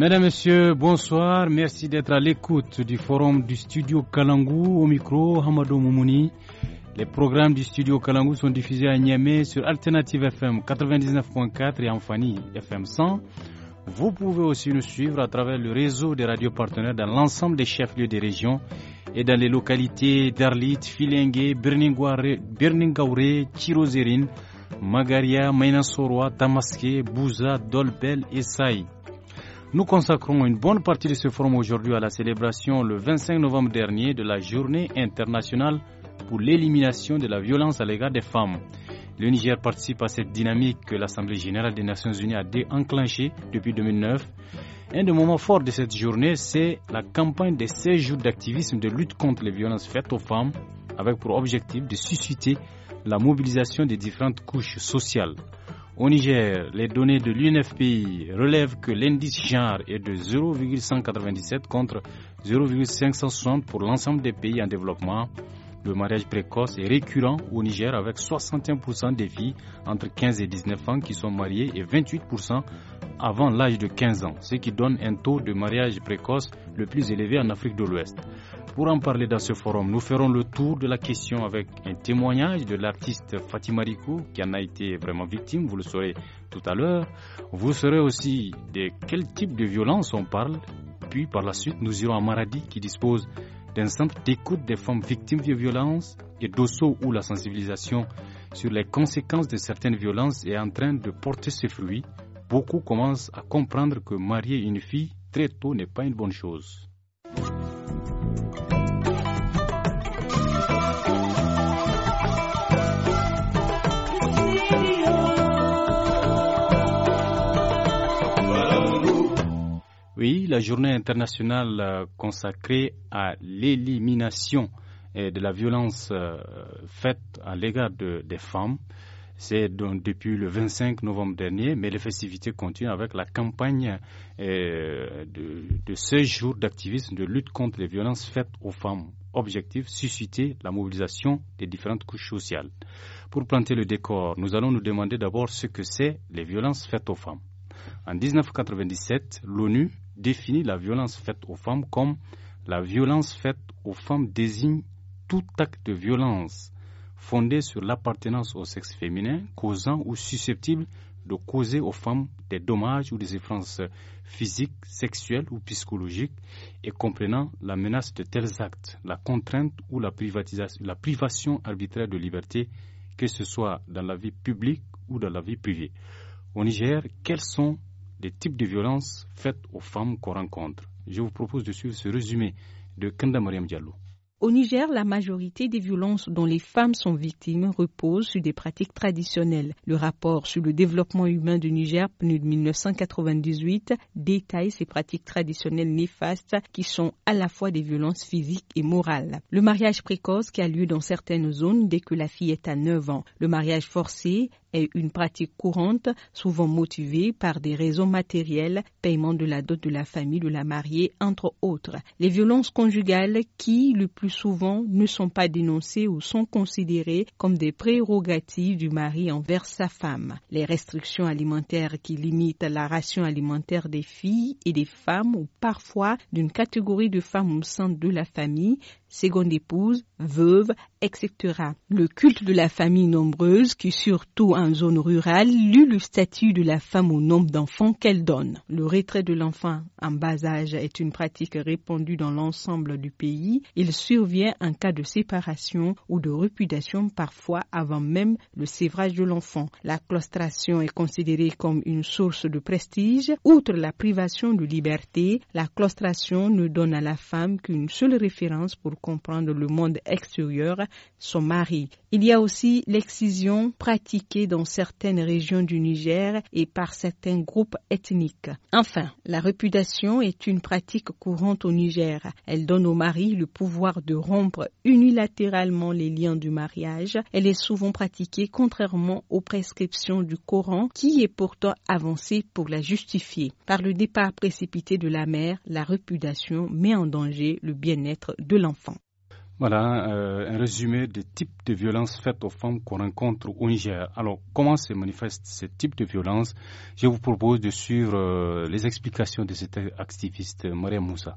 Mesdames, Messieurs, bonsoir. Merci d'être à l'écoute du forum du studio Kalangou. Au micro, Hamadou Moumouni. Les programmes du studio Kalangou sont diffusés à Niamey sur Alternative FM 99.4 et en FM 100. Vous pouvez aussi nous suivre à travers le réseau des radios partenaires dans l'ensemble des chefs-lieux des régions et dans les localités d'Arlit, Filengue, Birningaure, Tirozerine, Magaria, Mainasoroa, Tamaské, Bouza, Dolbel et Saï. Nous consacrons une bonne partie de ce forum aujourd'hui à la célébration le 25 novembre dernier de la Journée internationale pour l'élimination de la violence à l'égard des femmes. Le Niger participe à cette dynamique que l'Assemblée générale des Nations unies a déclenchée depuis 2009. Un des moments forts de cette journée, c'est la campagne des 16 jours d'activisme de lutte contre les violences faites aux femmes, avec pour objectif de susciter la mobilisation des différentes couches sociales. Au Niger, les données de l'UNFPI relèvent que l'indice genre est de 0,197 contre 0,560 pour l'ensemble des pays en développement. Le mariage précoce est récurrent au Niger avec 61% des filles entre 15 et 19 ans qui sont mariées et 28% avant l'âge de 15 ans, ce qui donne un taux de mariage précoce le plus élevé en Afrique de l'Ouest. Pour en parler dans ce forum, nous ferons le tour de la question avec un témoignage de l'artiste Fatima Rikou qui en a été vraiment victime, vous le saurez tout à l'heure. Vous saurez aussi de quel type de violence on parle. Puis par la suite, nous irons à Maradi qui dispose d'un centre d'écoute des femmes victimes de violences et d'osso où la sensibilisation sur les conséquences de certaines violences est en train de porter ses fruits beaucoup commencent à comprendre que marier une fille très tôt n'est pas une bonne chose. Oui, la journée internationale euh, consacrée à l'élimination euh, de la violence euh, faite à l'égard des femmes c'est donc depuis le 25 novembre dernier, mais les festivités continuent avec la campagne euh, de, de ce jour d'activisme de lutte contre les violences faites aux femmes. Objectif, susciter la mobilisation des différentes couches sociales. Pour planter le décor, nous allons nous demander d'abord ce que c'est les violences faites aux femmes. En 1997, l'ONU définit la violence faite aux femmes comme la violence faite aux femmes désigne tout acte de violence fondée sur l'appartenance au sexe féminin causant ou susceptible de causer aux femmes des dommages ou des effrances physiques, sexuelles ou psychologiques et comprenant la menace de tels actes, la contrainte ou la, la privation arbitraire de liberté, que ce soit dans la vie publique ou dans la vie privée. Au Niger, quels sont les types de violences faites aux femmes qu'on rencontre Je vous propose de suivre ce résumé de Kenda Mariam Diallo. Au Niger, la majorité des violences dont les femmes sont victimes reposent sur des pratiques traditionnelles. Le rapport sur le développement humain du Niger, de 1998, détaille ces pratiques traditionnelles néfastes qui sont à la fois des violences physiques et morales. Le mariage précoce qui a lieu dans certaines zones dès que la fille est à 9 ans. Le mariage forcé, est une pratique courante, souvent motivée par des raisons matérielles, paiement de la dot de la famille de la mariée, entre autres. Les violences conjugales qui, le plus souvent, ne sont pas dénoncées ou sont considérées comme des prérogatives du mari envers sa femme. Les restrictions alimentaires qui limitent la ration alimentaire des filles et des femmes ou parfois d'une catégorie de femmes au sein de la famille, seconde épouse, veuve, etc. Le culte de la famille nombreuse, qui surtout en zone rurale, lut le statut de la femme au nombre d'enfants qu'elle donne. Le retrait de l'enfant en bas âge est une pratique répandue dans l'ensemble du pays. Il survient en cas de séparation ou de réputation parfois avant même le sévrage de l'enfant. La claustration est considérée comme une source de prestige. Outre la privation de liberté, la claustration ne donne à la femme qu'une seule référence pour comprendre le monde extérieur, son mari. Il y a aussi l'excision pratiquée dans certaines régions du Niger et par certains groupes ethniques. Enfin, la répudiation est une pratique courante au Niger. Elle donne au mari le pouvoir de rompre unilatéralement les liens du mariage. Elle est souvent pratiquée contrairement aux prescriptions du Coran qui est pourtant avancée pour la justifier. Par le départ précipité de la mère, la répudiation met en danger le bien-être de l'enfant. Voilà euh, un résumé des types de violences faites aux femmes qu'on rencontre au Niger. Alors, comment se manifeste ce type de violence? Je vous propose de suivre euh, les explications de cet activiste Maria Moussa.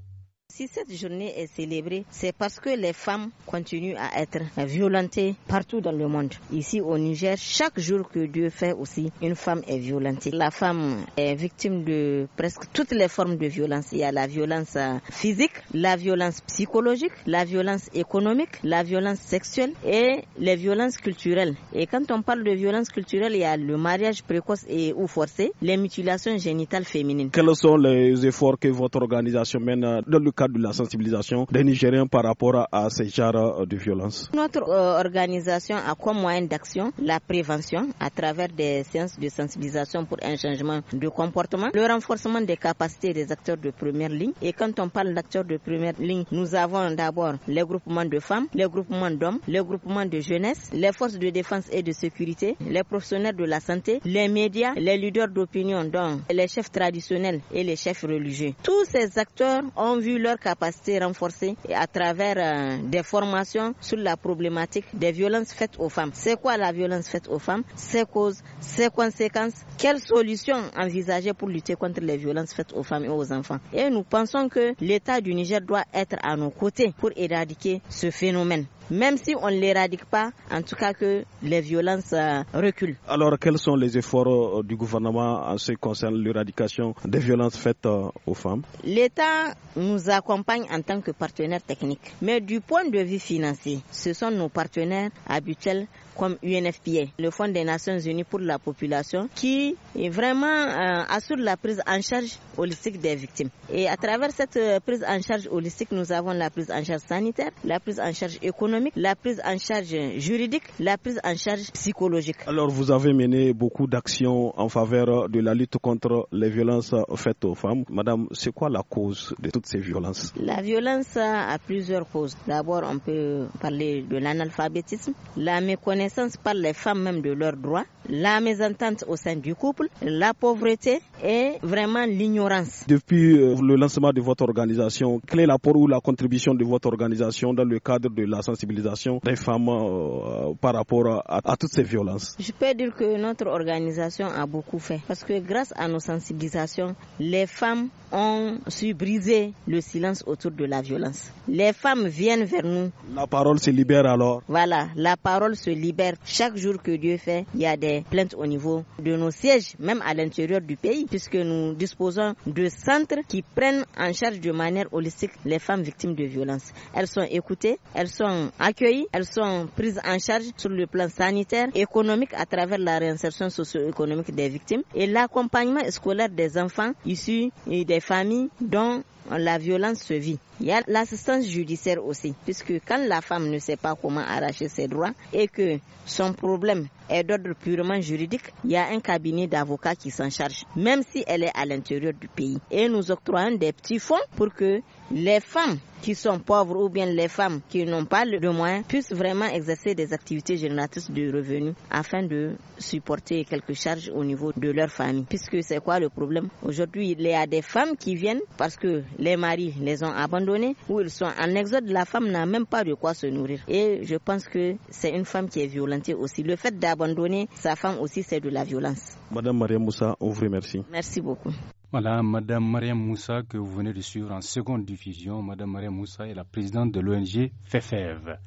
Si cette journée est célébrée, c'est parce que les femmes continuent à être violentées partout dans le monde. Ici au Niger, chaque jour que Dieu fait aussi, une femme est violentée. La femme est victime de presque toutes les formes de violence. Il y a la violence physique, la violence psychologique, la violence économique, la violence sexuelle et les violences culturelles. Et quand on parle de violence culturelle, il y a le mariage précoce et ou forcé, les mutilations génitales féminines. Quels sont les efforts que votre organisation mène dans le cadre de la sensibilisation des Nigériens par rapport à ces genres euh, de violence. Notre euh, organisation a comme moyen d'action la prévention à travers des séances de sensibilisation pour un changement de comportement, le renforcement des capacités des acteurs de première ligne. Et quand on parle d'acteurs de première ligne, nous avons d'abord les groupements de femmes, les groupements d'hommes, les groupements de jeunesse, les forces de défense et de sécurité, les professionnels de la santé, les médias, les leaders d'opinion, donc les chefs traditionnels et les chefs religieux. Tous ces acteurs ont vu leur capacité renforcée à travers euh, des formations sur la problématique des violences faites aux femmes. C'est quoi la violence faite aux femmes Ses causes, ses conséquences Quelles solutions envisager pour lutter contre les violences faites aux femmes et aux enfants Et nous pensons que l'État du Niger doit être à nos côtés pour éradiquer ce phénomène même si on ne l'éradique pas, en tout cas que les violences euh, reculent. Alors, quels sont les efforts euh, du gouvernement en ce qui concerne l'éradication des violences faites euh, aux femmes L'État nous accompagne en tant que partenaire technique, mais du point de vue financier, ce sont nos partenaires habituels comme UNFPA, le Fonds des Nations Unies pour la population, qui vraiment euh, assure la prise en charge holistique des victimes. Et à travers cette euh, prise en charge holistique, nous avons la prise en charge sanitaire, la prise en charge économique, la prise en charge juridique, la prise en charge psychologique. Alors vous avez mené beaucoup d'actions en faveur de la lutte contre les violences faites aux femmes. Madame, c'est quoi la cause de toutes ces violences La violence a plusieurs causes. D'abord, on peut parler de l'analphabétisme, la méconnaissance par les femmes même de leurs droits, la mésentente au sein du couple, la pauvreté et vraiment l'ignorance. Depuis euh, le lancement de votre organisation, quel est l'apport ou la contribution de votre organisation dans le cadre de la sensibilisation des femmes euh, euh, par rapport à, à toutes ces violences Je peux dire que notre organisation a beaucoup fait parce que grâce à nos sensibilisations, les femmes ont su briser le silence autour de la violence. Les femmes viennent vers nous. La parole se libère alors. Voilà, la parole se libère chaque jour que Dieu fait, il y a des plaintes au niveau de nos sièges, même à l'intérieur du pays, puisque nous disposons de centres qui prennent en charge de manière holistique les femmes victimes de violences. Elles sont écoutées, elles sont accueillies, elles sont prises en charge sur le plan sanitaire, économique à travers la réinsertion socio-économique des victimes et l'accompagnement scolaire des enfants issus des familles dont la violence se vit. Il y a l'assistance judiciaire aussi, puisque quand la femme ne sait pas comment arracher ses droits et que sans problème est d'ordre purement juridique, il y a un cabinet d'avocats qui s'en charge, même si elle est à l'intérieur du pays. Et nous octroyons des petits fonds pour que les femmes qui sont pauvres ou bien les femmes qui n'ont pas de moyens puissent vraiment exercer des activités génératrices de revenus afin de supporter quelques charges au niveau de leur famille. Puisque c'est quoi le problème Aujourd'hui, il y a des femmes qui viennent parce que les maris les ont abandonnées ou ils sont en exode. La femme n'a même pas de quoi se nourrir. Et je pense que c'est une femme qui est violentée aussi. Le fait d'avoir abandonner sa femme aussi, c'est de la violence. Madame Mariam Moussa, on vous remercie. Merci beaucoup. Voilà, Madame Mariam Moussa que vous venez de suivre en seconde diffusion. Madame Mariam Moussa est la présidente de l'ONG FEFEV.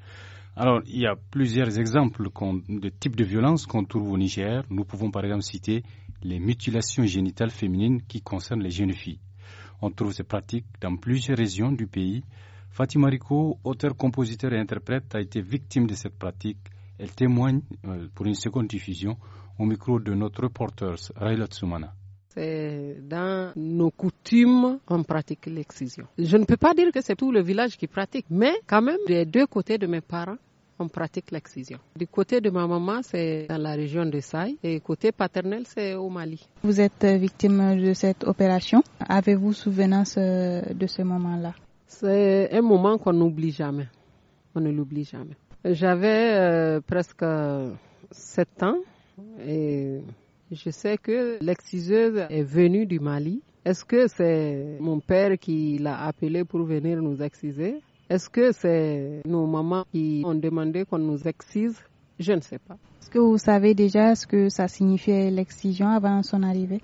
Alors, il y a plusieurs exemples de types de violences qu'on trouve au Niger. Nous pouvons par exemple citer les mutilations génitales féminines qui concernent les jeunes filles. On trouve ces pratiques dans plusieurs régions du pays. Fatima Rico, auteur, compositeur et interprète, a été victime de cette pratique. Elle témoigne euh, pour une seconde diffusion au micro de notre reporter Raila Tsumana. C'est dans nos coutumes qu'on pratique l'excision. Je ne peux pas dire que c'est tout le village qui pratique, mais quand même, des deux côtés de mes parents, on pratique l'excision. Du côté de ma maman, c'est dans la région de Saï et côté paternel, c'est au Mali. Vous êtes euh, victime de cette opération. Avez-vous souvenance euh, de ce moment-là C'est un moment qu'on n'oublie jamais. On ne l'oublie jamais. J'avais euh, presque 7 ans et je sais que l'exciseuse est venue du Mali. Est-ce que c'est mon père qui l'a appelé pour venir nous exciser Est-ce que c'est nos mamans qui ont demandé qu'on nous excise Je ne sais pas. Est-ce que vous savez déjà ce que ça signifiait l'excision avant son arrivée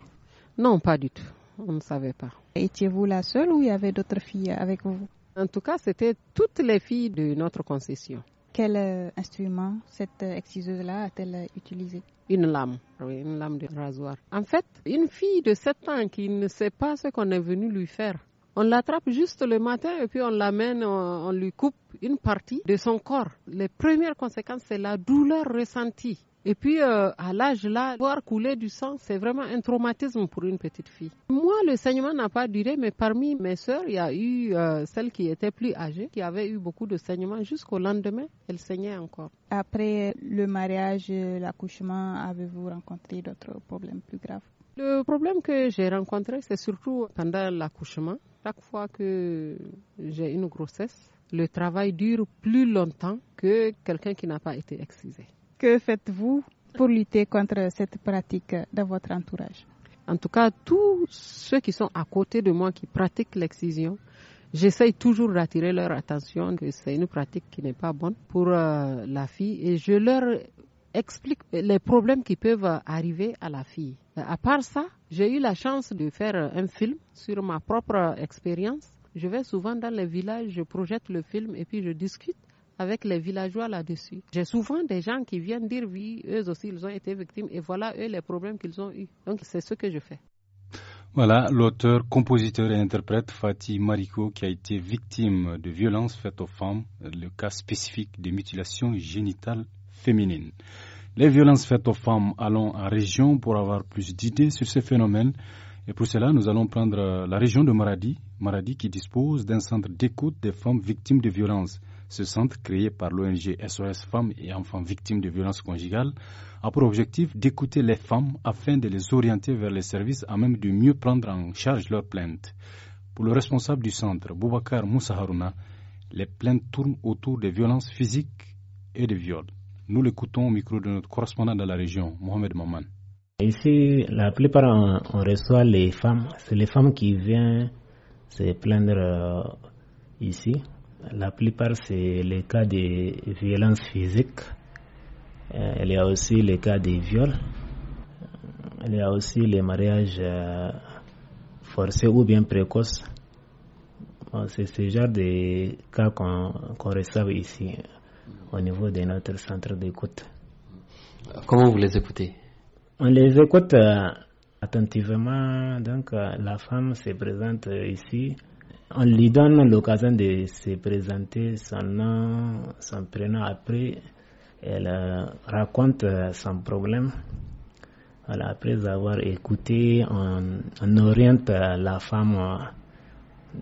Non, pas du tout. On ne savait pas. Étiez-vous la seule ou il y avait d'autres filles avec vous En tout cas, c'était toutes les filles de notre concession. Quel euh, instrument cette euh, exciseuse-là a-t-elle euh, utilisé Une lame, oui, une lame de rasoir. En fait, une fille de 7 ans qui ne sait pas ce qu'on est venu lui faire, on l'attrape juste le matin et puis on l'amène, on, lui coupe une partie de son corps. Les premières conséquences, c'est la douleur ressentie. Et puis, euh, à l'âge là, voir couler du sang, c'est vraiment un traumatisme pour une petite fille. Moi, le saignement n'a pas duré, mais parmi mes sœurs, il y a eu euh, celle qui était plus âgée, qui avait eu beaucoup de saignements. Jusqu'au lendemain, elle saignait encore. Après le mariage, l'accouchement, avez-vous rencontré d'autres problèmes plus graves le problème que j'ai rencontré, c'est surtout pendant l'accouchement. Chaque fois que j'ai une grossesse, le travail dure plus longtemps que quelqu'un qui n'a pas été excisé. Que faites-vous pour lutter contre cette pratique dans votre entourage En tout cas, tous ceux qui sont à côté de moi qui pratiquent l'excision, j'essaye toujours d'attirer leur attention que c'est une pratique qui n'est pas bonne pour euh, la fille et je leur explique les problèmes qui peuvent arriver à la fille. Euh, à part ça, j'ai eu la chance de faire euh, un film sur ma propre expérience. Je vais souvent dans les villages, je projette le film et puis je discute avec les villageois là-dessus. J'ai souvent des gens qui viennent dire oui, eux aussi ils ont été victimes et voilà eux les problèmes qu'ils ont eus. Donc c'est ce que je fais. Voilà l'auteur, compositeur et interprète Fatih Mariko qui a été victime de violences faites aux femmes, le cas spécifique de mutilations génitales féminines les violences faites aux femmes. Allons en région pour avoir plus d'idées sur ce phénomène. Et pour cela, nous allons prendre euh, la région de Maradi, Maradi qui dispose d'un centre d'écoute des femmes victimes de violences. Ce centre, créé par l'ONG SOS Femmes et Enfants Victimes de Violences Conjugales, a pour objectif d'écouter les femmes afin de les orienter vers les services à même de mieux prendre en charge leurs plaintes. Pour le responsable du centre, Boubacar Moussaharouna, les plaintes tournent autour des violences physiques et des viols. Nous l'écoutons au micro de notre correspondant de la région, Mohamed Maman. Ici, la plupart, on, reçoit les femmes. C'est les femmes qui viennent se plaindre euh, ici. La plupart, c'est les cas de violences physiques. Euh, il y a aussi les cas de viols. Il y a aussi les mariages euh, forcés ou bien précoces. c'est ce genre de cas qu'on reçoit ici au niveau de notre centre d'écoute. Comment vous les écoutez On les écoute euh, attentivement. Donc, euh, la femme se présente euh, ici. On lui donne l'occasion de se présenter son nom, son prénom. Après, elle raconte son problème. après avoir écouté, on, oriente la femme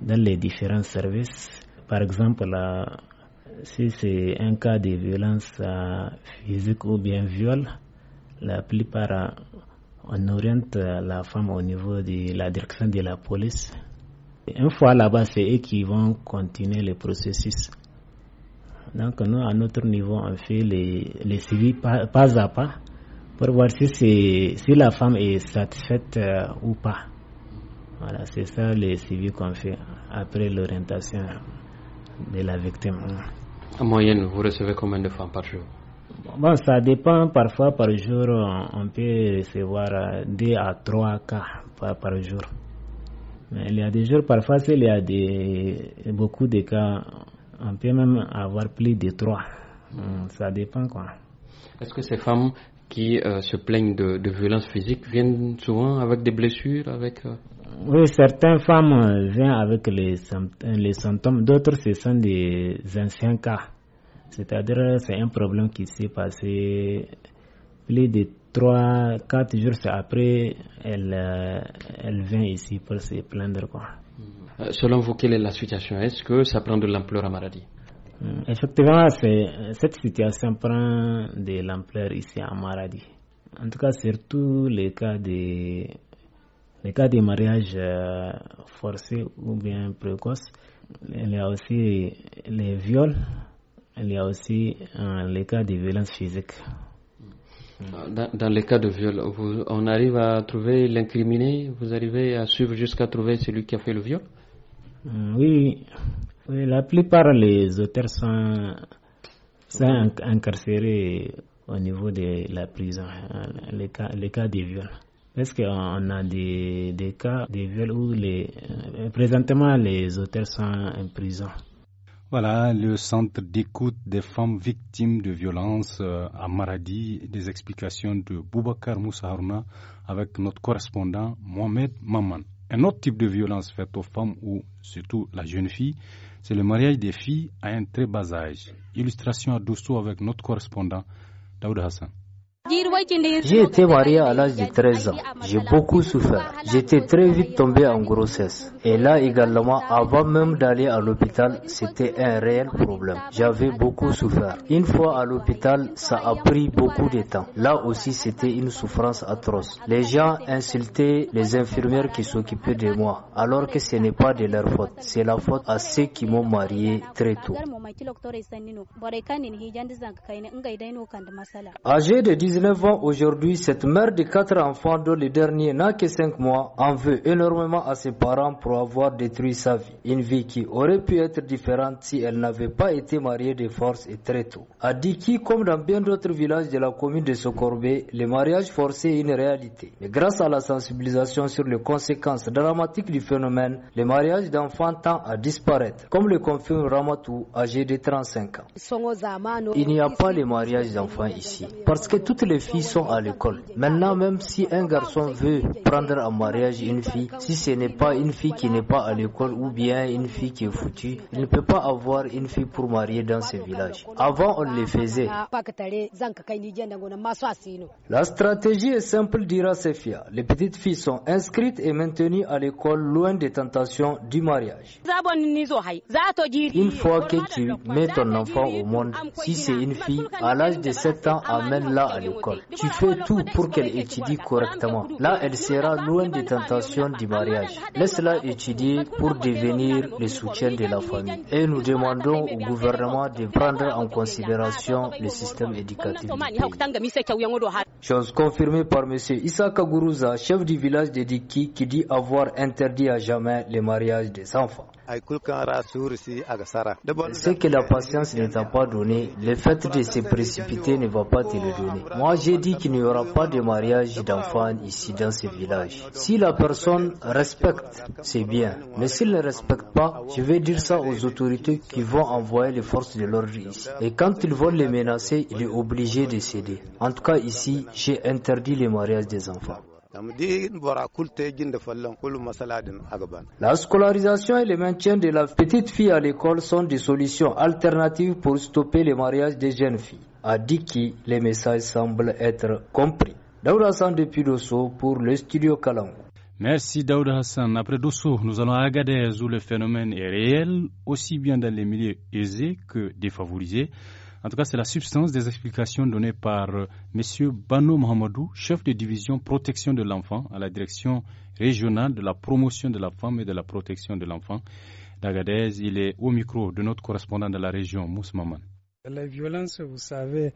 dans les différents services. Par exemple, la si c'est un cas de violence euh, physique ou bien viol, la plupart, euh, on oriente euh, la femme au niveau de la direction de la police. Et une fois là-bas, c'est eux qui vont continuer le processus. Donc nous, à notre niveau, on fait les, les suivis pas, à pas pour voir si, si la femme est satisfaite ou pas. Voilà, c'est ça les suivis qu'on fait après l'orientation de la victime. En moyenne, vous recevez combien de femmes par jour Bon, ça dépend. Parfois, par jour, on peut recevoir 2 euh, à 3 cas par, jour. Mais il y a des jours, parfois, il y a des, beaucoup de cas, on peut même avoir plus de 3. Ça dépend, quoi. Est-ce que ces femmes qui euh, se plaignent de, de, violences physiques viennent souvent avec des blessures, avec... Euh, oui, certaines femmes euh, viennent avec les, les symptômes, d'autres ce sont des anciens cas. C'est-à-dire c'est un problème qui s'est passé plus de 3, 4 jours après, elle, elle vient ici pour se plaindre. Quoi. Selon vous, quelle est la situation Est-ce que ça prend de l'ampleur à maladie Mm. Effectivement, euh, cette situation prend de l'ampleur ici à Maradi. En tout cas, surtout les cas de, les cas de mariage euh, forcé ou bien précoce. Il y a aussi les viols. Il y a aussi euh, les cas de violence physique. Mm. Ah, dans, dans, les cas de viol, on arrive à trouver l'incriminé Vous arrivez à suivre jusqu'à trouver celui qui a fait le viol mm, Oui. Oui, la plupart les auteurs sont, incarcérés au niveau de la prison, euh, les cas, les cas des viols. ce qu'on a des, cas des viols où les, euh, présentement les auteurs sont en prison. Voilà, le centre d'écoute des femmes victimes de violences euh, à Maradi, des explications de Boubacar Moussaourna avec notre correspondant Mohamed Maman. Un autre type de violence faite aux femmes ou surtout la jeune fille, c'est le mariage des filles à un très bas âge. Illustration à Dosso avec notre correspondant Daoud Hassan. J'ai été mariée à l'âge de 13 ans. J'ai beaucoup souffert. J'étais très vite tombée en grossesse. Et là également, avant même d'aller à l'hôpital, c'était un réel problème. J'avais beaucoup souffert. Une fois à l'hôpital, ça a pris beaucoup de temps. Là aussi, c'était une souffrance atroce. Les gens insultaient les infirmières qui s'occupaient de moi, alors que ce n'est pas de leur faute. C'est la faute à ceux qui m'ont mariée très tôt. Âgé de 19 ans aujourd'hui, cette mère de quatre enfants dont le dernier n'a que 5 mois en veut énormément à ses parents pour avoir détruit sa vie. Une vie qui aurait pu être différente si elle n'avait pas été mariée de force et très tôt. À Diki, comme dans bien d'autres villages de la commune de Socorbé, les mariages forcés est une réalité. Mais grâce à la sensibilisation sur les conséquences dramatiques du phénomène, les mariages d'enfants tendent à disparaître, comme le confirme Ramatou, âgé de 35 ans. Il n'y a pas les mariages d'enfants ici, parce que toutes les les filles sont à l'école. Maintenant, même si un garçon veut prendre en mariage une fille, si ce n'est pas une fille qui n'est pas à l'école ou bien une fille qui est foutue, il ne peut pas avoir une fille pour marier dans ce village. Avant, on les faisait. La stratégie est simple, dira Sefia. Les petites filles sont inscrites et maintenues à l'école loin des tentations du mariage. Une fois que tu mets ton enfant au monde, si c'est une fille, à l'âge de 7 ans, amène-la à l'école. Tu fais tout pour qu'elle étudie correctement. Là, elle sera loin des tentations du mariage. Laisse-la étudier pour devenir le soutien de la famille. Et nous demandons au gouvernement de prendre en considération le système éducatif. Chose confirmée par M. Issa Kaguruza, chef du village de Diki, qui dit avoir interdit à jamais le mariages des enfants. Ce que la patience ne t'a pas donné, le fait de se précipiter ne va pas te le donner. Moi, j'ai dit qu'il n'y aura pas de mariage d'enfants ici dans ce village. Si la personne respecte, c'est bien. Mais s'il ne respecte pas, je vais dire ça aux autorités qui vont envoyer les forces de l'ordre ici. Et quand ils vont les menacer, il est obligé de céder. En tout cas, ici, j'ai interdit les mariages des enfants. La scolarisation et le maintien de la petite fille à l'école sont des solutions alternatives pour stopper les mariages des jeunes filles. A Diki, les messages semblent être compris. Daoud Hassan depuis Dosso pour le studio Kalango. Merci Daoud Hassan. Après Dosso, nous allons à Agadez où le phénomène est réel, aussi bien dans les milieux aisés que défavorisés. En tout cas, c'est la substance des explications données par euh, M. Bano Mohamedou, chef de division protection de l'enfant à la direction régionale de la promotion de la femme et de la protection de l'enfant d'Agadez. Il est au micro de notre correspondant de la région, Mousse Maman. Les violences, vous savez,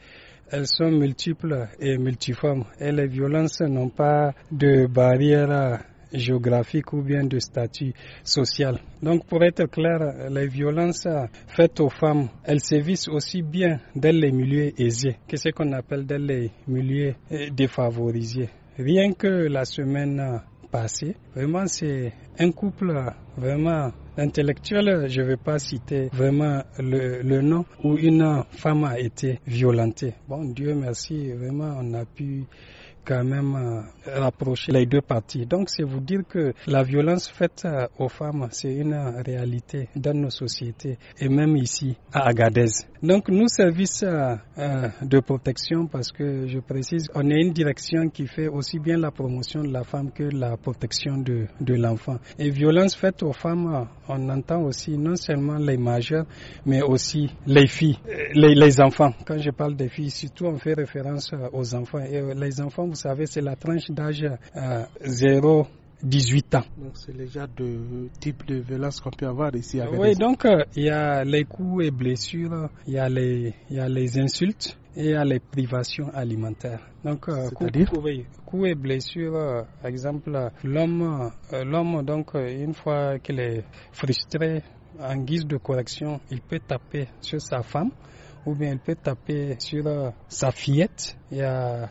elles sont multiples et multiformes. Et les violences n'ont pas de barrière géographique ou bien de statut social. Donc pour être clair, les violences faites aux femmes, elles sévissent aussi bien dans les milieux aisés que ce qu'on appelle dans les milieux euh, défavorisés. Rien que la semaine passée, vraiment c'est un couple vraiment intellectuel, je ne vais pas citer vraiment le, le, nom, où une femme a été violentée. Bon, Dieu merci, vraiment on a pu quand même euh, rapprocher les deux parties. Donc c'est vous dire que la violence faite euh, aux femmes, c'est une réalité dans nos sociétés et même ici à Agadez. Donc nous, services euh, de protection, parce que je précise, on est une direction qui fait aussi bien la promotion de la femme que la protection de, de l'enfant. Et violence faite aux femmes, on entend aussi non seulement les majeurs, mais aussi les filles, les, enfants. Quand je parle des filles, surtout on fait référence euh, aux enfants. Et euh, les enfants, vous savez, c'est la tranche d'âge euh, 0 18 ans. Donc c'est déjà genre de type de violence qu'on peut avoir ici. Avec oui, donc euh, il y a les coups et blessures, il y, a les, y a les insultes et à les privations alimentaires. Donc, euh, coups et blessures, par euh, exemple, l'homme, l'homme donc une fois qu'il est frustré, en guise de correction, il peut taper sur sa femme ou bien il peut taper sur sa fillette. Il y,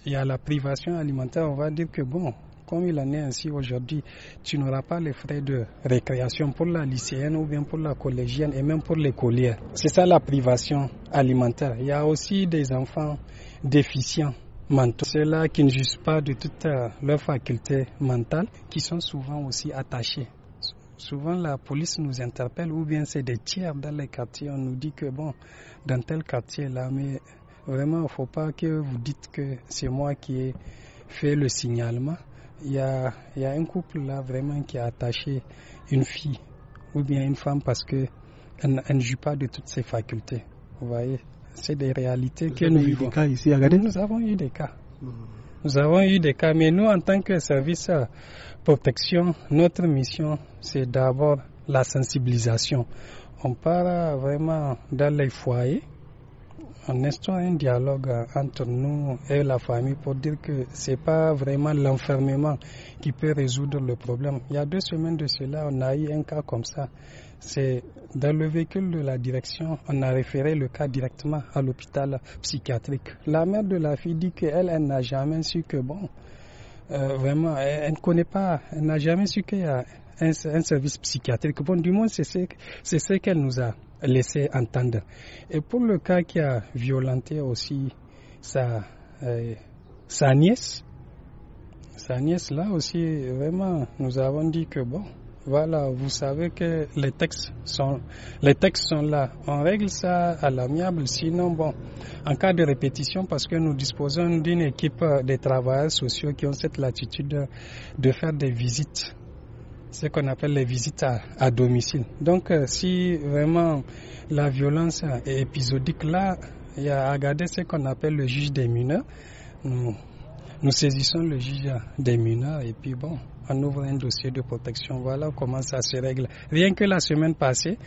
il y a la privation alimentaire. On va dire que bon, comme il en est ainsi aujourd'hui, tu n'auras pas les frais de récréation pour la lycéenne ou bien pour la collégienne et même pour l'écolière. C'est ça la privation alimentaire. Il y a aussi des enfants déficients mentaux, ceux-là qui ne jouissent pas de toutes euh, leurs facultés mentales, qui sont souvent aussi attachés souvent la police nous interpelle ou bien c'est des tiers dans les quartiers. On nous dit que bon, dans tel quartier là, mais vraiment, il ne faut pas que vous dites que c'est moi qui ai fait le signalement il y a, y a, un couple là vraiment qui a attaché une fille ou bien une femme parce qu'elle ne joue pas de toutes ses facultés. Vous voyez, c'est des réalités que nous vivons. Des cas ici nous avons eu des cas. Hmm. Nous avons eu des cas, mais nous, en tant que service à protection, notre mission, c'est d'abord la sensibilisation. On part vraiment dans les foyers on instaure un dialogue entre nous et la famille pour dire que ce n'est pas vraiment l'enfermement qui peut résoudre le problème. Il y a deux semaines de cela, on a eu un cas comme ça. C'est dans le véhicule de la direction, on a référé le cas directement à l'hôpital psychiatrique. La mère de la fille dit qu'elle, n'a jamais su que, bon, euh, vraiment, elle, ne connaît pas, elle n'a jamais su qu'il y a un, service psychiatrique. Bon, du moins, c'est ce, ce qu'elle nous a laisser entendre. Et pour le cas qui a violenté aussi sa, euh, sa nièce, sa nièce là aussi, vraiment, nous avons dit que bon, voilà, vous savez que les textes les textes sont là. On règle ça à l'amiable, sinon bon, en cas de répétition, parce que nous disposons d'une équipe euh, de travailleurs sociaux qui ont cette latitude de faire des visites ce qu'on appelle les visites à, domicile. Donc euh, si vraiment la violence est épisodique là, il y a à garder ce qu'on appelle le juge des mineurs. Nous saisissons le juge des mineurs et puis bon, on ouvre un dossier de protection. Voilà comment ça se règle. Rien que la semaine passée,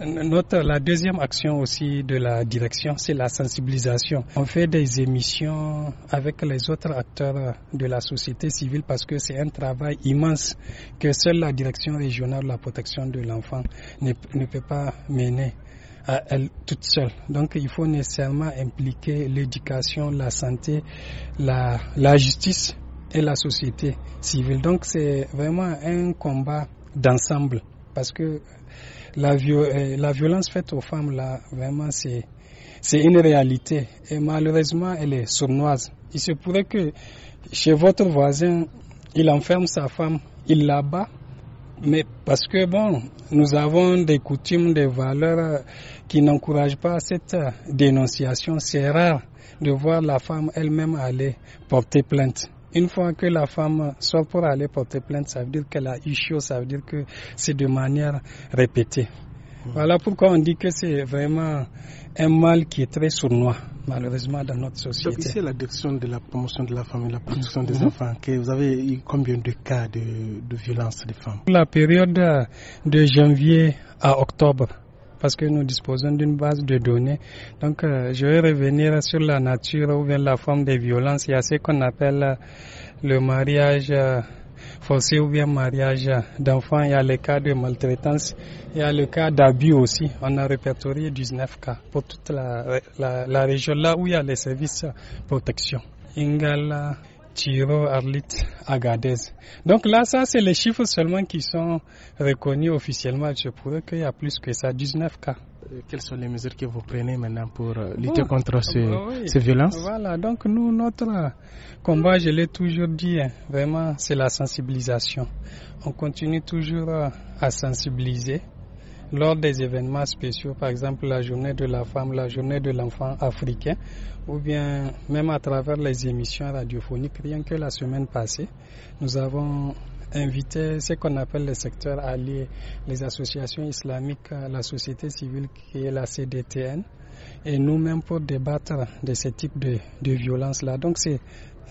notre, la deuxième action aussi de la direction, c'est la sensibilisation. On fait des émissions avec les autres acteurs de la société civile parce que c'est un travail immense que seule la direction régionale de la protection de l'enfant ne peut pas mener elle toute seule. Donc il faut nécessairement impliquer l'éducation, la santé, la, la justice et la société civile. Donc c'est vraiment un combat d'ensemble parce que la, euh, la violence faite aux femmes là vraiment c'est c'est une réalité et malheureusement elle est sournoise. Il se pourrait que chez votre voisin il enferme sa femme, il la bat mais parce que, bon, nous avons des coutumes, des valeurs qui n'encouragent pas cette dénonciation. C'est rare de voir la femme elle-même aller porter plainte. Une fois que la femme sort pour aller porter plainte, ça veut dire qu'elle a eu chaud, ça veut dire que c'est de manière répétée. Voilà pourquoi on dit que c'est vraiment un mal qui est très sournois, malheureusement, dans notre société. Donc c'est la direction de la promotion de la femme et la protection des mhm. enfants, que vous avez eu combien de cas de, violence des femmes La période de janvier à octobre, parce que nous disposons d'une base de données. Donc, euh, je vais revenir sur la nature ou bien la forme des violences. Il y a ce qu'on appelle le mariage euh, Forcés ou bien mariage d'enfants. Il y a les cas de maltraitance. Il y a le cas d'abus aussi. On a répertorié 19 cas pour toute la, région là où il y a les services protection. Ingala, Tiro, Arlit, Agadez. Donc là, ça, c'est les chiffres seulement qui sont reconnus officiellement. Je pourrais qu'il y a plus que ça, 19 cas. Euh, quelles sont les mesures que vous prenez maintenant pour euh, lutter contre ah ces bah ces violences Voilà, donc nous, notre euh, combat, je l'ai toujours dit, hein, vraiment, c'est la sensibilisation. On continue toujours à sensibiliser lors des événements spéciaux, par exemple la journée de la femme, la journée de l'enfant africain, ou bien même à travers les émissions radiophoniques. Rien que la semaine passée, nous avons inviter ce qu'on appelle le secteurs alliés, les associations islamiques, euh, la société civile qui est la CDTN, et nous-mêmes pour débattre de ce type de, de violence-là. Donc c'est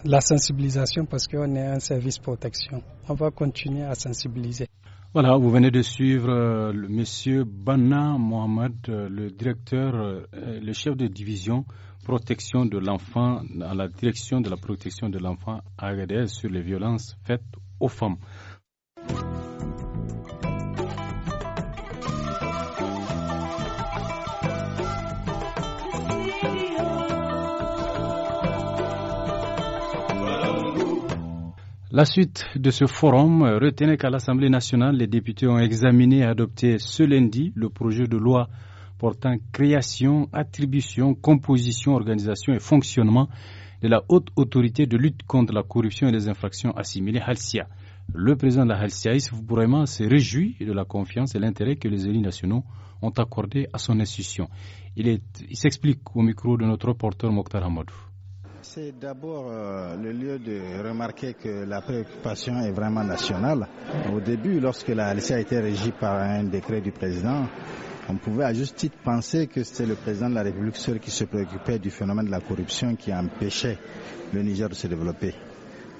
la sensibilisation parce qu'on est un service protection. On va continuer à sensibiliser. Voilà, vous venez de suivre euh, le monsieur Bana Mohamed, euh, le directeur, le chef de division protection de l'enfant à la direction de la protection de l'enfant à Agadez sur les violences faites femmes. La suite de ce forum, euh, retenait qu'à l'Assemblée nationale, les députés ont examiné et adopté ce lundi le projet de loi portant création, attribution, composition, organisation et fonctionnement de la haute autorité de lutte contre la corruption et les infractions assimilées Halsia. Le président de la Halsia, Isfou Bourema, se réjouit de la confiance et l'intérêt que les élus nationaux ont accordé à son institution. Il s'explique au micro de notre reporter Mokhtar Hamadou. C'est d'abord euh, le lieu de remarquer que la préoccupation est vraiment nationale. Au début, lorsque la Halsia a été régie par un décret du président, on pouvait à juste titre penser que c'était le président de la République seul qui se préoccupait du phénomène de la corruption qui empêchait le Niger de se développer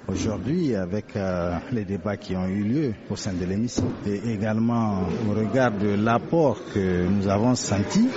aujourd'hui avec euh, les débats qui ont eu lieu au sein de l'émission et également au regard de l'apport que nous avons senti,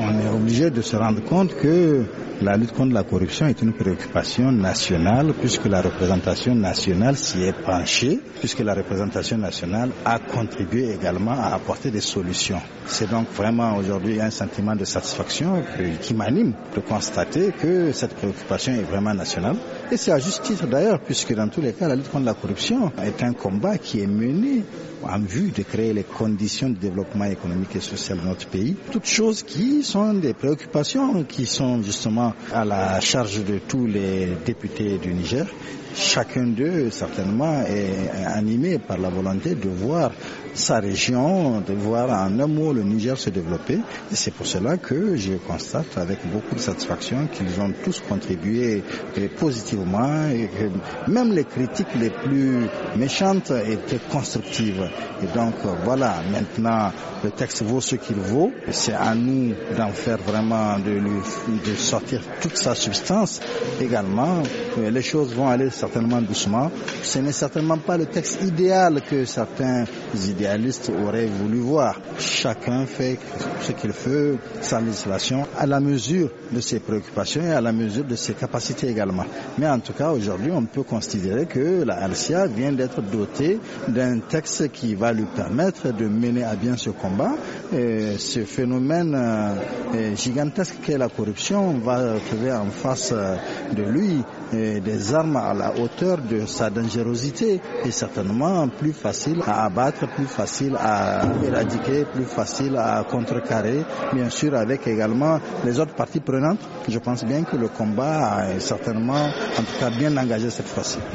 on est obligé de se rendre compte que la lutte contre la corruption est une préoccupation nationale puisque la représentation nationale s'y est penchée, puisque la représentation nationale a contribué également à apporter des solutions. C'est donc vraiment aujourd'hui un sentiment de satisfaction qui m'anime de constater que cette préoccupation est vraiment nationale et c'est à juste titre d'ailleurs puisque dans tous les cas, la lutte contre la corruption est un combat qui est mené en vue de créer les conditions de développement économique et social de notre pays. Toutes choses qui sont des préoccupations qui sont justement à la charge de tous les députés du Niger. Chacun d'eux, certainement, est animé par la volonté de voir sa région, de voir en un mot le Niger se développer. Et c'est pour cela que je constate avec beaucoup de satisfaction qu'ils ont tous contribué euh, positivement et que même les critiques les plus méchantes étaient constructives. Et donc euh, voilà, maintenant le texte vaut ce qu'il vaut. C'est à nous d'en faire vraiment, de, lui, de sortir toute sa substance également. Les choses vont aller certainement doucement. Ce n'est certainement pas le texte idéal que certains idéalistes auraient voulu voir. Chacun fait ce qu'il veut, sa législation, à la mesure de ses préoccupations et à la mesure de ses capacités également. Mais en tout cas, aujourd'hui, on peut considérer que la RCA vient d'être dotée d'un texte qui va lui permettre de mener à bien ce combat. ce phénomène euh, gigantesque que la corruption va trouver en face euh, de lui des armes à la hauteur de sa dangerosité et certainement plus facile à abattre, plus facile à éradiquer, plus facile à contrecarrer, bien sûr avec également les autres parties prenantes. Je pense bien que le combat est certainement, en tout cas bien engagé cette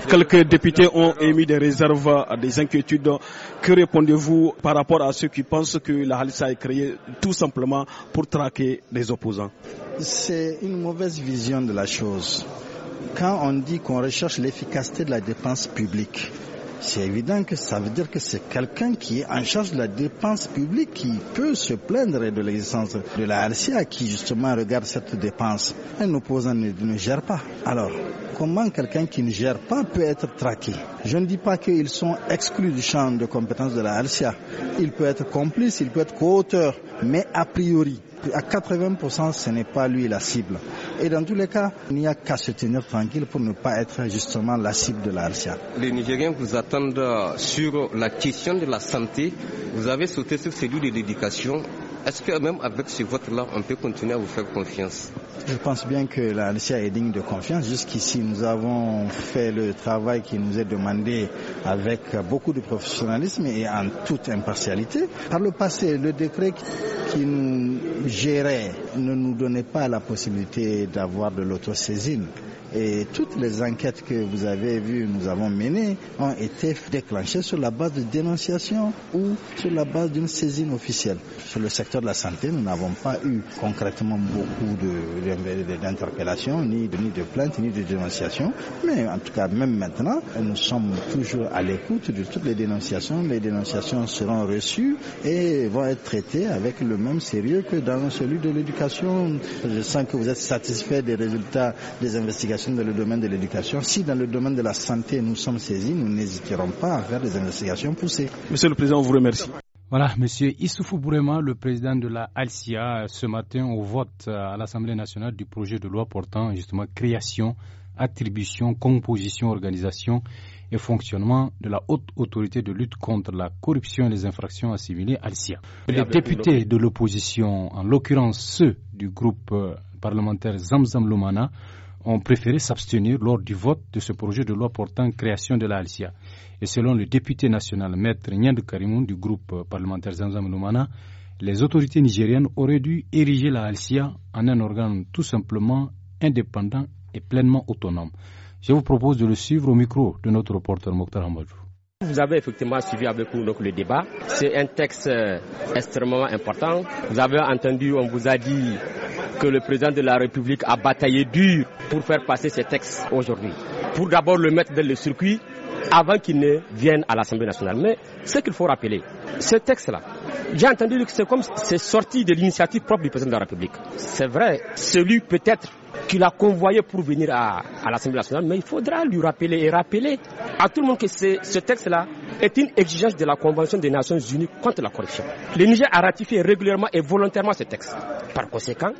Quelques députés ont émis des réserves, des inquiétudes. Que répondez-vous par rapport à ceux qui pensent que la Halissa est créée tout simplement pour traquer les opposants C'est une mauvaise vision de la chose. Quand on dit qu'on recherche l'efficacité de la dépense publique, c'est évident que ça veut dire que c'est quelqu'un qui est en charge de la dépense publique qui peut se plaindre de l'existence de la RCA qui justement regarde cette dépense. Un opposant ne, ne gère pas. Alors, comment quelqu'un qui ne gère pas peut être traqué Je ne dis pas qu'ils sont exclus du champ de compétences de la RCA. Il peut être complice, il peut être co mais a priori, à 80%, ce n'est pas lui la cible. Et dans tous les cas, il n'y a qu'à se tenir tranquille pour ne pas être justement la cible de la Les Nigériens vous attendent sur la question de la santé. Vous avez sauté sur celui de l'éducation. Est-ce que même avec ce vote-là, on peut continuer à vous faire confiance Je pense bien que la Russie est digne de confiance. Jusqu'ici, nous avons fait le travail qui nous est demandé avec beaucoup de professionnalisme et en toute impartialité. Par le passé, le décret qui nous gérait ne nous donnait pas la possibilité d'avoir de l'autosaisine. Et toutes les enquêtes que vous avez vues, nous avons menées, ont été déclenchées sur la base de dénonciations ou sur la base d'une saisine officielle sur le secteur de la santé, nous n'avons pas eu concrètement beaucoup d'interpellations, de, ni, de, ni de plaintes, ni de dénonciations. Mais en tout cas, même maintenant, nous sommes toujours à l'écoute de toutes les dénonciations. Les dénonciations seront reçues et vont être traitées avec le même sérieux que dans celui de l'éducation. Je sens que vous êtes satisfait des résultats des investigations dans le domaine de l'éducation. Si dans le domaine de la santé, nous sommes saisis, nous n'hésiterons pas à faire des investigations poussées. Monsieur le Président, on vous remercie. Voilà, Monsieur Issoufou Bourema, le président de la Alcia, ce matin au vote à l'Assemblée nationale du projet de loi portant justement création, attribution, composition, organisation et fonctionnement de la haute autorité de lutte contre la corruption et les infractions assimilées Alcia. Les députés de l'opposition, en l'occurrence ceux du groupe euh, parlementaire Zamzam Lomana, ont préféré s'abstenir lors du vote de ce projet de loi portant création de la Et selon le député national maître Nyand Karimoun du groupe parlementaire Zanzam Lumana, les autorités nigériennes auraient dû ériger la en un organe tout simplement indépendant et pleinement autonome. Je vous propose de le suivre au micro de notre reporter Mokhtar Hamadou. Vous avez effectivement suivi avec nous le débat. C'est un texte euh, extrêmement important. Vous avez entendu, on vous a dit que le président de la République a bataillé dur pour faire passer ce texte aujourd'hui. Pour d'abord le mettre dans le circuit avant qu'il ne vienne à l'Assemblée nationale. Mais ce qu'il faut rappeler, ce texte-là, j'ai entendu que c'est comme c'est sorti de l'initiative propre du président de la République. C'est vrai, celui peut-être qu'il a convoyé pour venir à, l'Assemblée nationale, mais il faudra lui rappeler et rappeler à tout le monde que ce texte-là est une exigence de la Convention des Nations Unies contre la corruption. Le Niger a ratifié régulièrement et volontairement ce texte. Par conséquent,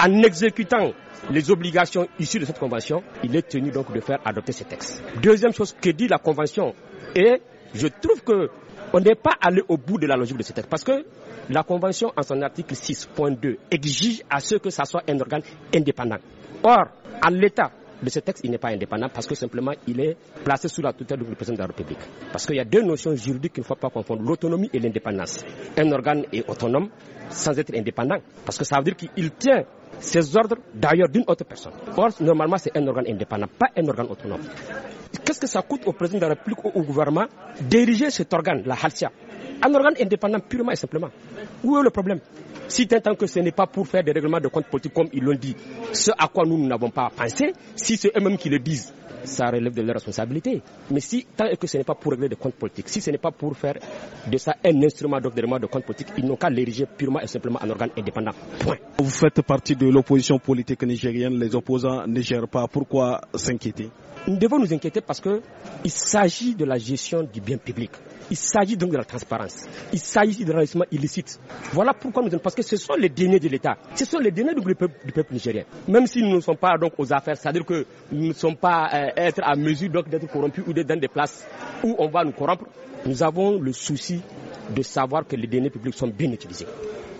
en exécutant les obligations issues de cette convention, il est tenu donc de faire adopter ce texte. Deuxième chose que dit la convention, et je trouve que on n'est pas allé au bout de la logique de ce texte. Parce que la Convention, en son article 6.2, exige à ce que ce soit un organe indépendant. Or, à l'État, de ce texte, il n'est pas indépendant parce que simplement il est placé sous la tutelle du président de la République. Parce qu'il y a deux notions juridiques qu'il ne faut pas confondre, l'autonomie et l'indépendance. Un organe est autonome sans être indépendant parce que ça veut dire qu'il tient ses ordres d'ailleurs d'une autre personne. Or, normalement, c'est un organe indépendant, pas un organe autonome. Qu'est-ce que ça coûte au président de la République ou au gouvernement d'ériger cet organe, la HALSIA Un organe indépendant purement et simplement. Où est le problème Si tant que ce n'est pas pour faire des règlements de comptes politiques comme ils l'ont dit, ce à quoi nous, nous n'avons pas pensé, si c'est eux-mêmes qui le disent, ça relève de leur responsabilité. Mais si, tant que ce n'est pas pour régler des comptes politiques, si ce n'est pas pour faire de ça un instrument d'ordonnement de comptes politiques, ils n'ont qu'à l'ériger purement et simplement en organe indépendant. Point. Vous faites partie de l'opposition politique nigérienne, les opposants ne gèrent pas. Pourquoi s'inquiéter Nous devons nous inquiéter parce qu'il s'agit de la gestion du bien public. Il s'agit donc de la transparence. Il s'agit de l'enrichissement illicite. Voilà pourquoi nous parce que ce sont les deniers de l'État. Ce sont les deniers du peuple, nigérien. Même si nous ne sommes pas donc aux affaires, c'est-à-dire que nous ne sommes pas euh, être à mesure d'être corrompu ou d'être dans des places où on va nous corrompre, nous avons le souci de savoir que les données publiques sont bien utilisées.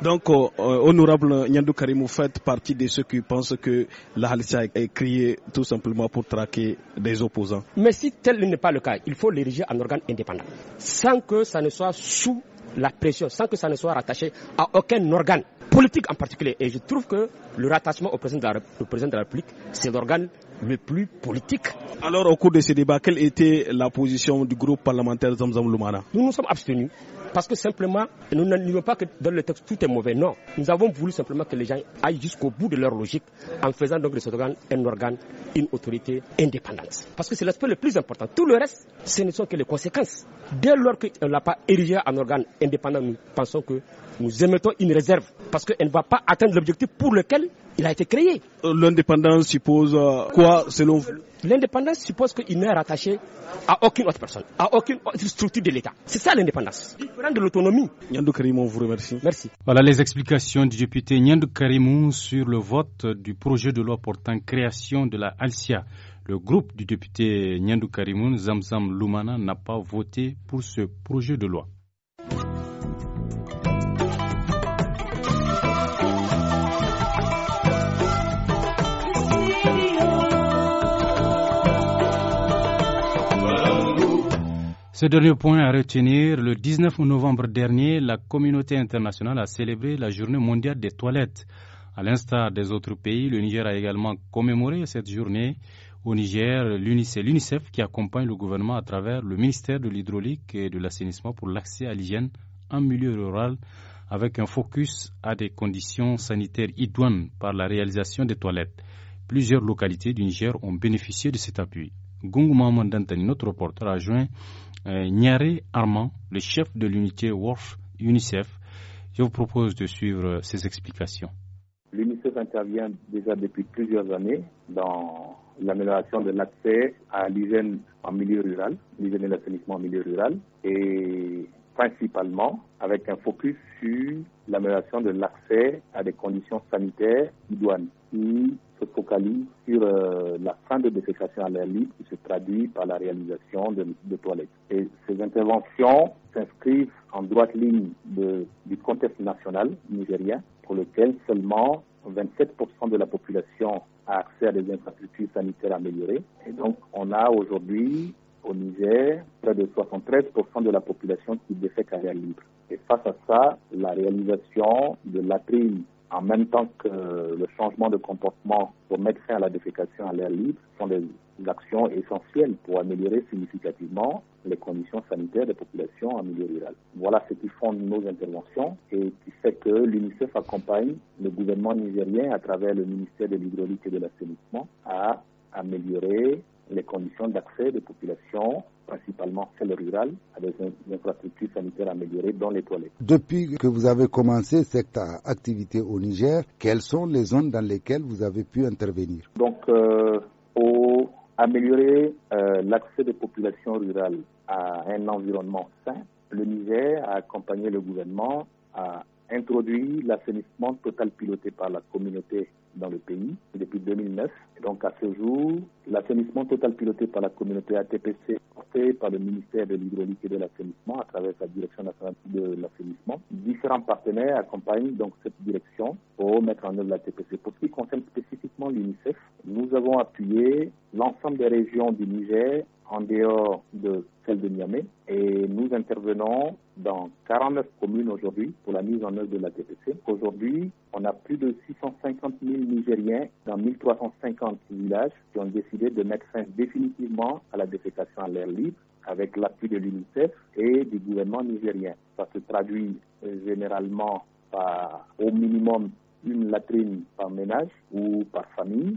Donc, euh, euh, honorable Nyandou Karim, faites partie de ceux qui pensent que la Halicia est créée tout simplement pour traquer des opposants. Mais si tel n'est pas le cas, il faut l'ériger en organe indépendant, sans que ça ne soit sous la pression sans que ça ne soit rattaché à aucun organe politique en particulier. Et je trouve que le rattachement au président de la, président de la République, c'est l'organe le plus politique. Alors, au cours de ce débat, quelle était la position du groupe parlementaire Zamzam Lumana Nous nous sommes abstenus parce que simplement, nous n'arrivons pas que dans le texte tout est mauvais. Non. Nous avons voulu simplement que les gens aillent jusqu'au bout de leur logique en faisant donc de cet organe un organe, une autorité indépendante. Parce que c'est l'aspect le plus important. Tout le reste, ce ne sont que les conséquences. Dès lors qu'on n'a pas érigé un organe indépendant, nous pensons que nous émettons une réserve parce qu'elle ne va pas atteindre l'objectif pour lequel il a été créé. Euh, l'indépendance suppose euh, quoi selon vous L'indépendance suppose qu'il n'est rattaché à aucune autre personne, à aucune autre structure de l'État. C'est ça l'indépendance. Il prend de l'autonomie. Nyandou Karimou, vous remercie. Merci. Voilà les explications du député Nyandou Karimoun sur le vote du projet de loi portant création de la Alcia. Le groupe du député Nyandou Karimoun, Zamzam Loumana, n'a pas voté pour ce projet de loi. Ce dernier point à retenir, le 19 novembre dernier, la communauté internationale a célébré la journée mondiale des toilettes. À l'instar des autres pays, le Niger a également commémoré cette journée. Au Niger, c'est l'UNICEF qui accompagne le gouvernement à travers le ministère de l'hydraulique et de l'assainissement pour l'accès à l'hygiène en milieu rural avec un focus à des conditions sanitaires idoines par la réalisation des toilettes. Plusieurs localités du Niger ont bénéficié de cet appui. Gungu Mohamed notre reporter, a joint euh, Nyari Armand, le chef de l'unité WORF UNICEF. Je vous propose de suivre euh, ses explications. L'UNICEF intervient déjà depuis plusieurs années dans l'amélioration de l'accès à l'hygiène en milieu rural, l'hygiène et l'assainissement en milieu rural, et principalement avec un focus sur l'amélioration de l'accès à des conditions sanitaires idoines focalise sur euh, la fin de défécation à l'air libre qui se traduit par la réalisation de, toilettes. Et ces interventions s'inscrivent en droite ligne du contexte national nigérien pour lequel seulement 27% de la population a accès à des infrastructures sanitaires améliorées. Et donc, on a aujourd'hui au Niger près de 73% de la population qui défèque à l'air libre. Et face à ça, la réalisation de latrines en même temps que le changement de comportement pour mettre fin à la défécation à l'air libre sont des actions essentielles pour améliorer significativement les conditions sanitaires des populations en milieu rural. Voilà ce qui fonde nos interventions et qui fait que l'UNICEF accompagne le gouvernement nigérien à travers le ministère de l'hydraulique et de l'assainissement à améliorer les conditions d'accès des populations, principalement celles rurales, à des infrastructures sanitaires améliorées, dont les toilettes. Depuis que vous avez commencé cette activité au Niger, quelles sont les zones dans lesquelles vous avez pu intervenir Donc, euh, pour améliorer euh, l'accès des populations rurales à un environnement sain, le Niger a accompagné le gouvernement à introduit l'assainissement total piloté par la communauté dans le pays depuis 2009. donc à ce jour, l'assainissement total piloté par la communauté ATPC, porté par le ministère de l'hydraulique et de l'assainissement à travers la direction nationale de l'assainissement, différents partenaires accompagnent donc cette direction pour mettre en œuvre l'ATPC. Pour ce qui concerne spécifiquement l'UNICEF, nous avons appuyé l'ensemble des régions du Niger en dehors de celle de Niamey et nous intervenons dans 49 communes aujourd'hui pour la mise en œuvre de la TPC. Aujourd'hui, on a plus de 650 000 Nigériens dans 1350 villages qui ont décidé de mettre fin définitivement à la défécation à l'air libre avec l'appui de l'UNICEF et du gouvernement nigérien. Ça se traduit euh, généralement par au minimum une latrine par ménage ou par famille,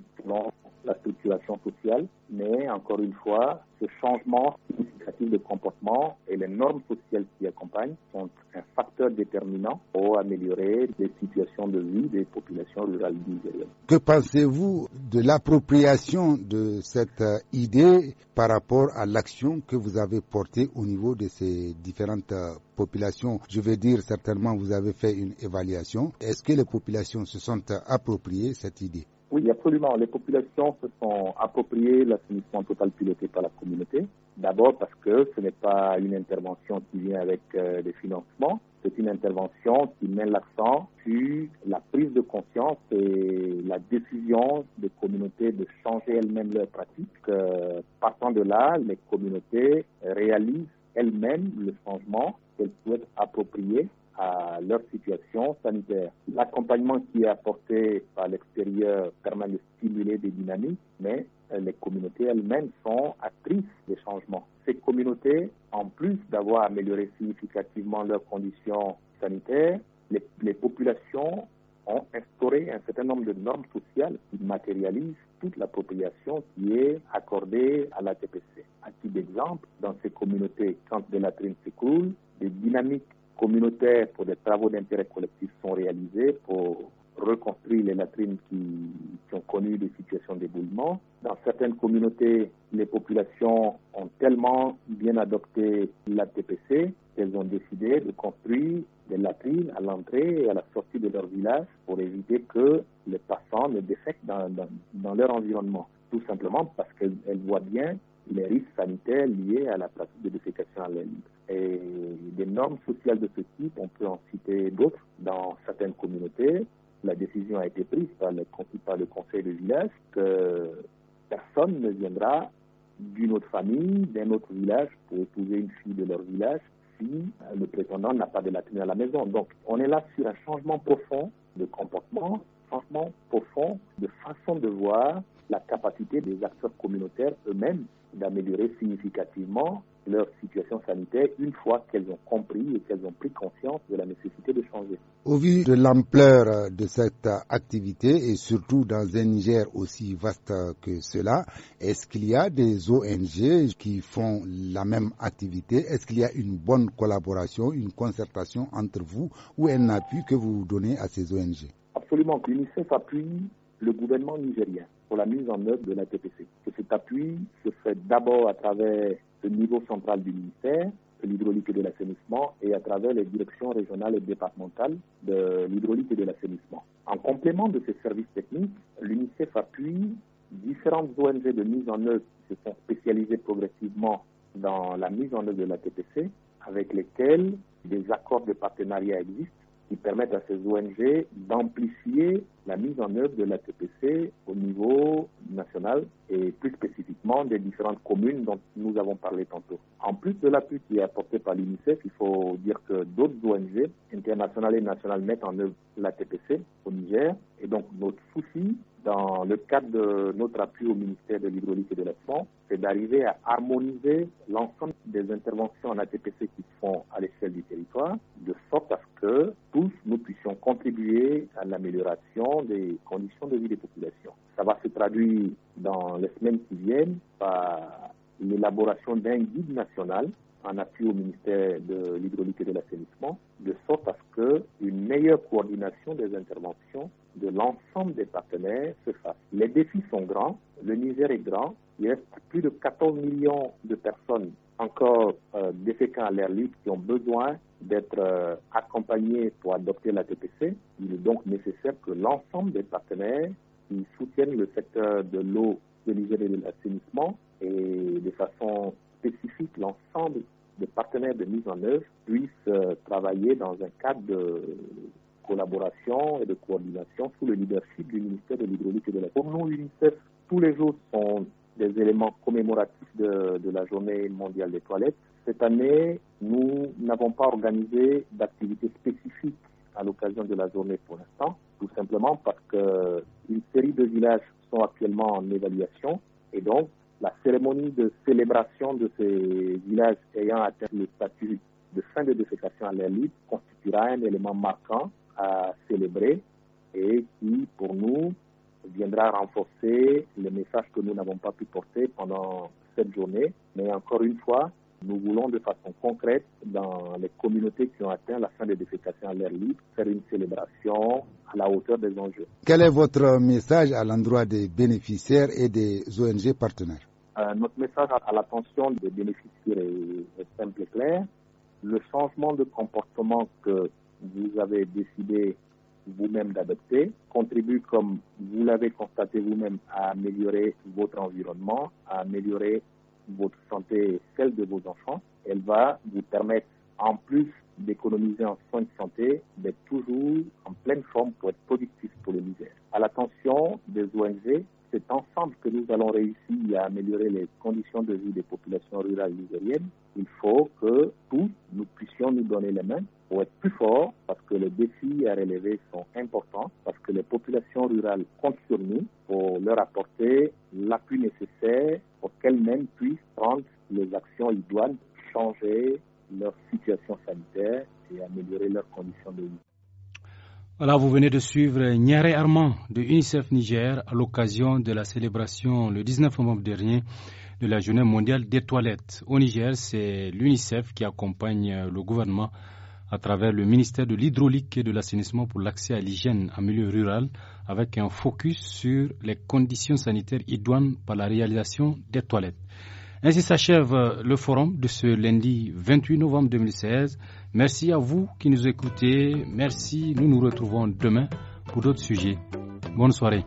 la situation sociale, mais encore une fois, ce changement significatif de comportement et les normes sociales qui accompagnent sont un facteur déterminant pour améliorer les situations de vie des populations rurales nigériennes. Que pensez-vous de l'appropriation de cette euh, idée par rapport à l'action que vous avez portée au niveau de ces différentes euh, populations Je veux dire, certainement, vous avez fait une évaluation. Est-ce que les populations se sont appropriées cette idée oui, absolument. Les populations se sont appropriées la l'assainissement totale pilotée par la communauté. D'abord parce que ce n'est pas une intervention qui vient avec euh, des financements, c'est une intervention qui met l'accent sur la prise de conscience et la décision des communautés de changer elles-mêmes leurs pratiques. Euh, partant de là, les communautés réalisent elles-mêmes le changement qu'elles peuvent approprier à leur situation sanitaire. L'accompagnement qui est apporté par l'extérieur permet de stimuler des dynamiques, mais euh, les communautés elles-mêmes sont actrices des changements. Ces communautés, en plus d'avoir amélioré significativement leurs conditions sanitaires, les, populations ont instauré un certain nombre de normes sociales qui matérialisent toute l'appropriation qui est accordée à la TPC. À titre d'exemple, dans ces communautés, quand des latrines s'écoulent, des dynamiques communautaires pour des travaux d'intérêt collectif sont réalisés pour reconstruire les latrines qui, ont connu des situations d'éboulement. Dans certaines communautés, les populations ont tellement bien adopté la TPC qu'elles ont décidé de construire des latrines à l'entrée et à la sortie de leur village pour éviter que les passants ne défectent dans leur environnement. Tout simplement parce qu'elles voient bien les risques sanitaires liés à la pratique de défécation à l'air Et des normes sociales de ce type, on peut en citer d'autres. Dans certaines communautés, la décision a été prise par le, par le conseil de village que personne ne viendra d'une autre famille, d'un autre village pour épouser une fille de leur village si le prétendant n'a pas de la tenue à la maison. Donc on est là sur un changement profond de comportement, changement profond de façon de voir la capacité des acteurs communautaires eux-mêmes d'améliorer significativement leur situation sanitaire une fois qu'elles ont compris et qu'elles ont pris conscience de la nécessité de changer. Au vu de l'ampleur de cette activité et surtout dans un Niger aussi vaste que cela, est-ce qu'il y a des ONG qui font la même activité Est-ce qu'il y a une bonne collaboration, une concertation entre vous ou un appui que vous donnez à ces ONG Absolument. L'UNICEF appuie le gouvernement nigérien pour la mise en œuvre de la TPC. cet appui se fait d'abord à travers le niveau central du ministère, de l'hydraulique et de l'assainissement, et à travers les directions régionales et départementales de l'hydraulique et de l'assainissement. En complément de ces services techniques, l'UNICEF appuie différentes ONG de mise en œuvre qui se sont spécialisées progressivement dans la mise en œuvre de la TPC, avec lesquelles des accords de partenariat existent qui permettent à ces ONG d'amplifier la mise en œuvre de l'ATPC au niveau national et plus spécifiquement des différentes communes dont nous avons parlé tantôt. En plus de l'appui qui est apporté par l'UNICEF, il faut dire que d'autres ONG internationales et nationales mettent en œuvre l'ATPC au Niger. Et donc notre souci, dans le cadre de notre appui au ministère de l'Hydraulique et de l'Assemblée, c'est d'arriver à harmoniser l'ensemble des interventions en ATPC qui se font à l'échelle du territoire, de sorte à ce que tous nous puissions contribuer à l'amélioration des conditions de vie des populations. Ça va se traduire dans les semaines qui viennent par l'élaboration d'un guide national en appui au ministère de l'hydraulique et de l'assainissement, de sorte à ce qu'une meilleure coordination des interventions de l'ensemble des partenaires se fasse. Les défis sont grands, le Niger est grand, il reste plus de 14 millions de personnes encore des séquences à l'air libre qui ont besoin d'être euh, accompagnés pour adopter la TPC. Il est donc nécessaire que l'ensemble des partenaires qui soutiennent le secteur de l'eau, de l'hygiène et de l'assainissement et de façon spécifique l'ensemble des partenaires de mise en œuvre puissent euh, travailler dans un cadre de collaboration et de coordination sous le leadership du ministère de l'Hydraulique et de la Pour nous, l'UNICEF, tous les jours sont des éléments commémoratifs de, la journée mondiale des toilettes. Cette année, nous n'avons pas organisé d'activité spécifique à l'occasion de la journée pour l'instant, tout simplement parce qu'une série de villages sont actuellement en évaluation et donc la cérémonie de célébration de ces villages ayant atteint le statut de fin de défécation à l'air libre constituera un élément marquant à célébrer et qui, pour nous, viendra renforcer le message que nous n'avons pas pu porter pendant cette journée. Mais encore une fois, nous voulons de façon concrète, dans les communautés qui ont atteint la fin des défécations à l'air libre, faire une célébration à la hauteur des enjeux. Quel est votre message à l'endroit des bénéficiaires et des ONG partenaires euh, Notre message à, l'attention des bénéficiaires est simple et clair. Le changement de comportement que vous avez décidé vous-même d'adopter contribue, comme vous l'avez constaté vous-même, à améliorer votre environnement, à améliorer votre santé et celle de vos enfants. Elle va vous permettre, en plus d'économiser en soins de santé, d'être toujours en pleine forme pour être productif pour le Niger. À l'attention des ONG, c'est ensemble que nous allons réussir à améliorer les conditions de vie des populations rurales nigériennes. Il faut que tous nous puissions nous donner les mains pour être plus fort parce que les défis à relever sont importants, parce que les populations rurales comptent sur nous pour leur apporter l'appui nécessaire pour qu'elles-mêmes puissent prendre les actions idoines, changer leur situation sanitaire et améliorer leurs conditions de vie. Voilà, vous venez de suivre Nyeré Armand de UNICEF Niger à l'occasion de la célébration le 19 novembre dernier de la journée mondiale des toilettes. Au Niger, c'est l'UNICEF qui accompagne le gouvernement à travers le ministère de l'hydraulique et de l'assainissement pour l'accès à l'hygiène en milieu rural avec un focus sur les conditions sanitaires idoines par la réalisation des toilettes. Ainsi s'achève euh, le forum de ce lundi 28 novembre 2016. Merci à vous qui nous écoutez. Merci. Nous nous retrouvons demain pour d'autres sujets. Bonne soirée.